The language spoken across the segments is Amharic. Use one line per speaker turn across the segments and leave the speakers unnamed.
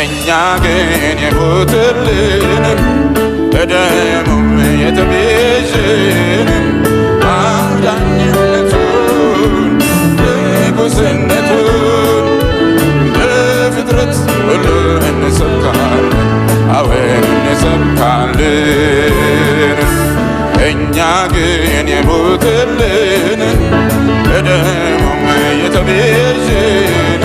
እኛ ግን የሞተልንም በደሙም የተቤዥን አዳኝነቱን ንጉሥነቱን ለፍጥረት ሁሉ እንሰብካለን፣ አዎን እንሰብካለን። እኛ ግን የሞተልንን በደሙም የተቤዥን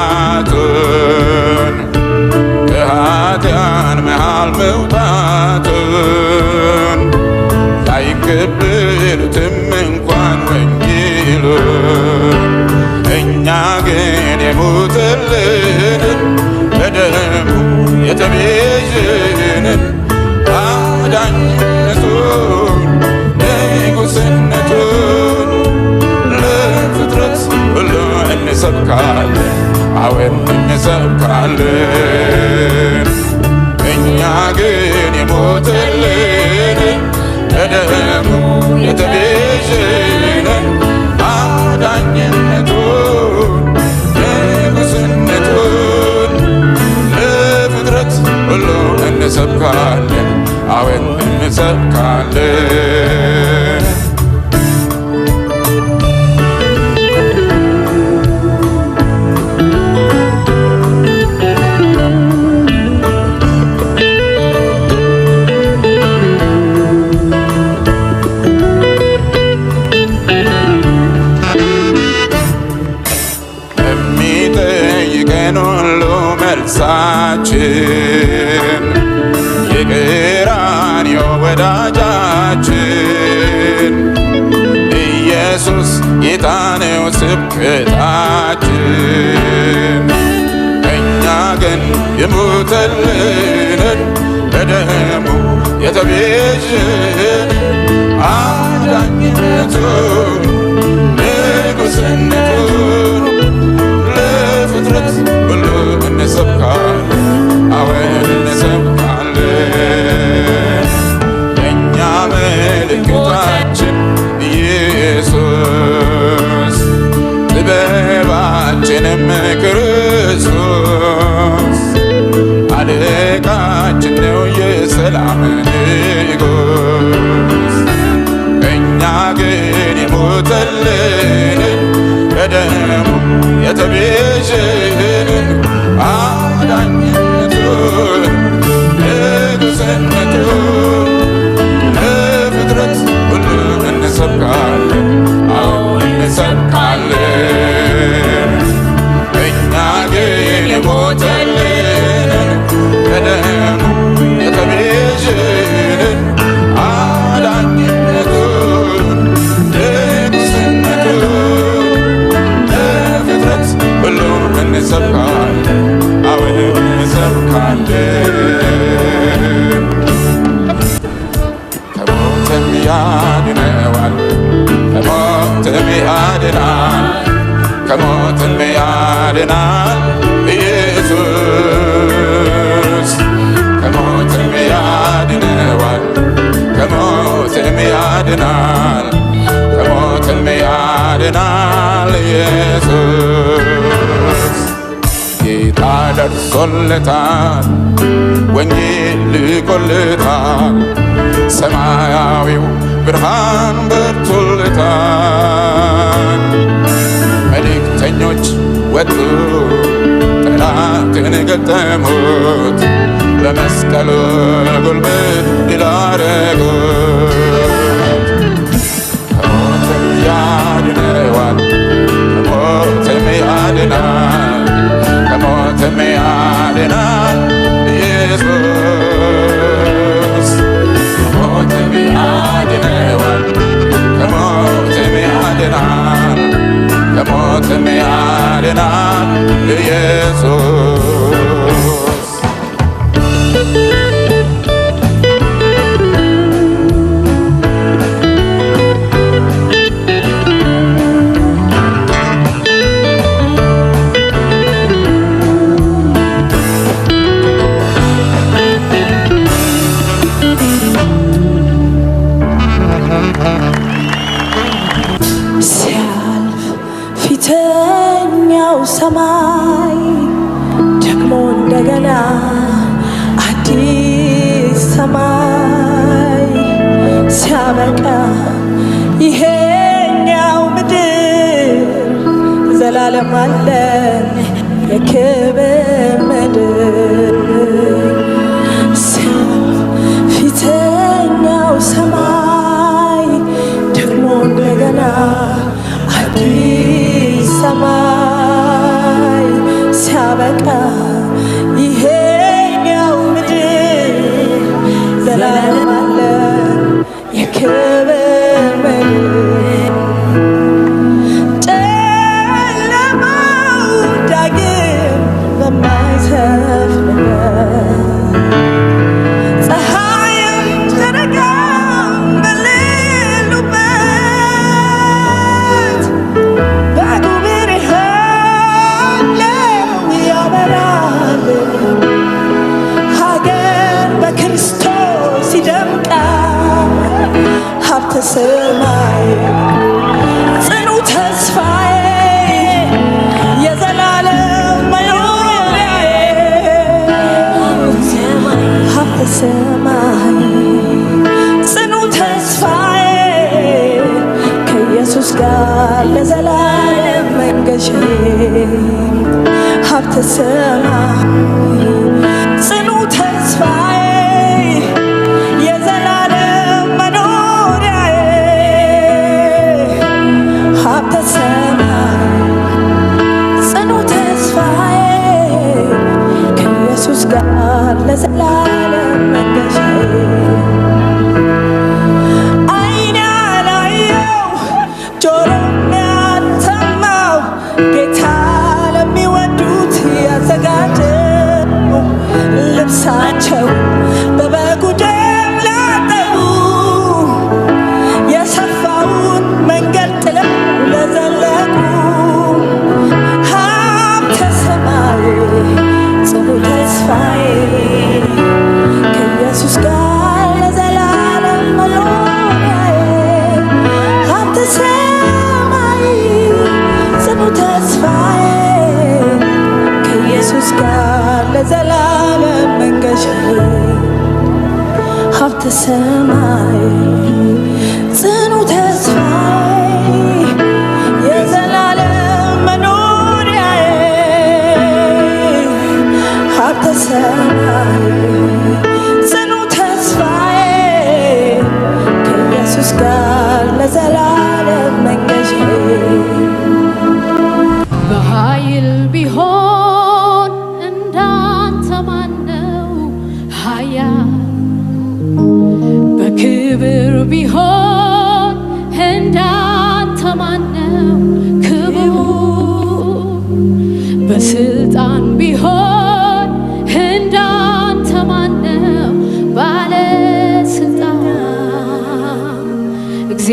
መውጣቱን አይከበርም እንኳን ወንጌል እኛ ግን የሞተልንን በደሙ የተቤዥንን አዳኝነቱን ንጉሥነቱን ለፍጥረት ሁሉ እንሰብካለን አወን እንሰብካለን ወዳጃችን ኢየሱስ የጣኔው ስብከታችን እኛ ግን የሞተልንን በደሙ የተቤዥን አዳኝነቱን አንቺን ነው የሰላም ንጉስ እኛ ግን የሞተልን በደሙ የተቤዠንን አዳኝነቱን ንጉስነቱን ለፍጥረት ሁሉ እንሰብካለን አሁን እንሰብካለን ያድናል፣ ከሞትም ያድናል። ኢየሱስ ጌታ ደርሶለታል፣ ወንጌል ልቆለታል፣ ሰማያዊው ብርሃን በርቶለታል። መልእክተኞች ወጡ ጠላትን ገጠሙት ለመስቀሉ ስም ያድናል ኢየሱስ
ሰማይ ደግሞ እንደገና አዲስ ሰማይ ሲያበቃ ይሄኛው ምድር ዘላለም አለን የክብር ምድር ፊተኛው ሰማይ ደግሞ እንደገና አዲስ ሰማይ አበቃ ሰማያት ሰማይ ጽኑ ተስፋዬ የዘላለም መኖሪያዬ ከኢየሱስ ጋር ለዘላለም መንገሼ ሀብተ ሰማይ ጋር ለዘላለም መገሻ ከኢየሱስ ጋር ለዘላለም መንገሻ ሀብተ ሰማይ ጽኑ ተስፋዬ የዘላለም መኖሪያዬ ሀብተ ሰማይ ጽኑ ተስፋዬ ከኢየሱስ ጋር ለዘላ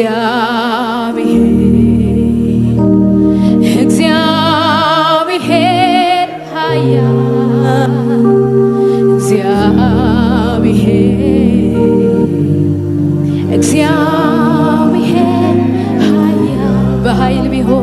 እግዚአብሔር እግዚአብሔር ኃያል እግዚአብሔር እግዚአብሔር ኃያል በኃይል ቢሆን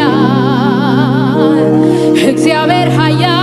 ኃያል እግዚአብሔር ኃያል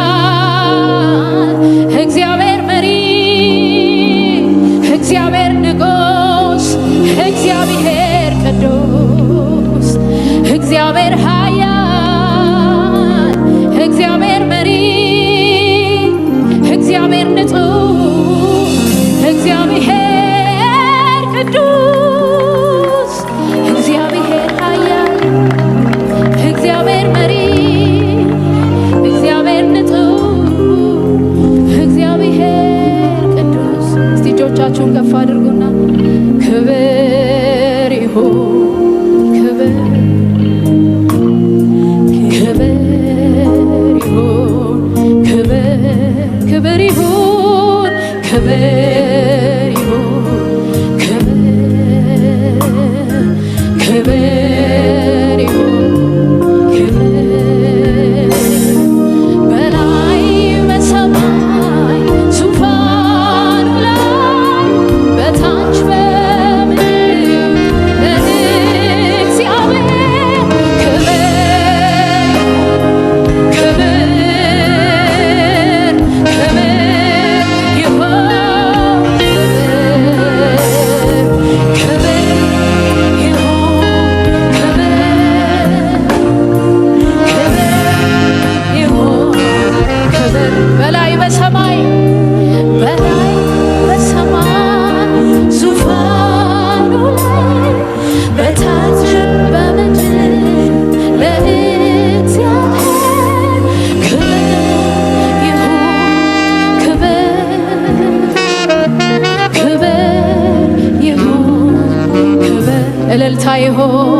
my hope.